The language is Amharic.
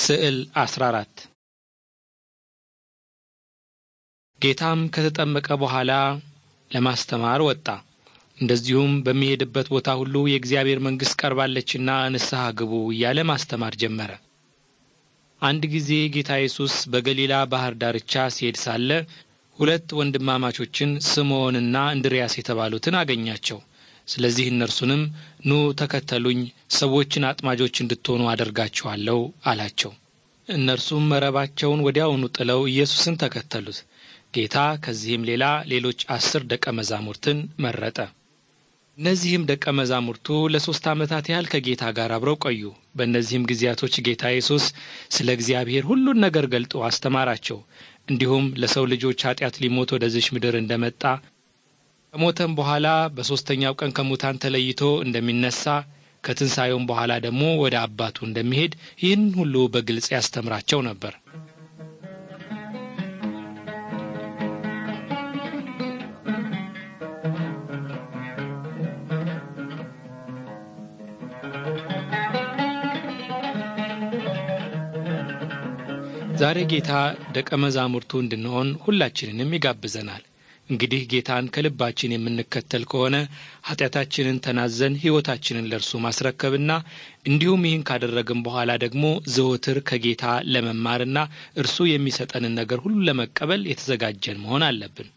ስዕል 14 ጌታም ከተጠመቀ በኋላ ለማስተማር ወጣ። እንደዚሁም በሚሄድበት ቦታ ሁሉ የእግዚአብሔር መንግሥት ቀርባለችና ንስሐ ግቡ እያለ ማስተማር ጀመረ። አንድ ጊዜ ጌታ ኢየሱስ በገሊላ ባህር ዳርቻ ሲሄድ ሳለ ሁለት ወንድማማቾችን ስምዖንና እንድርያስ የተባሉትን አገኛቸው። ስለዚህ እነርሱንም ኑ ተከተሉኝ፣ ሰዎችን አጥማጆች እንድትሆኑ አደርጋችኋለሁ አላቸው። እነርሱም መረባቸውን ወዲያውኑ ጥለው ኢየሱስን ተከተሉት። ጌታ ከዚህም ሌላ ሌሎች አስር ደቀ መዛሙርትን መረጠ። እነዚህም ደቀ መዛሙርቱ ለሦስት ዓመታት ያህል ከጌታ ጋር አብረው ቆዩ። በእነዚህም ጊዜያቶች ጌታ ኢየሱስ ስለ እግዚአብሔር ሁሉን ነገር ገልጦ አስተማራቸው። እንዲሁም ለሰው ልጆች ኀጢአት ሊሞት ወደዚች ምድር እንደመጣ ከሞተም በኋላ በሦስተኛው ቀን ከሙታን ተለይቶ እንደሚነሳ ከትንሣኤውም በኋላ ደግሞ ወደ አባቱ እንደሚሄድ ይህን ሁሉ በግልጽ ያስተምራቸው ነበር። ዛሬ ጌታ ደቀ መዛሙርቱ እንድንሆን ሁላችንንም ይጋብዘናል። እንግዲህ ጌታን ከልባችን የምንከተል ከሆነ ኃጢአታችንን ተናዘን ሕይወታችንን ለእርሱ ማስረከብና እንዲሁም ይህን ካደረግን በኋላ ደግሞ ዘወትር ከጌታ ለመማርና እርሱ የሚሰጠንን ነገር ሁሉ ለመቀበል የተዘጋጀን መሆን አለብን።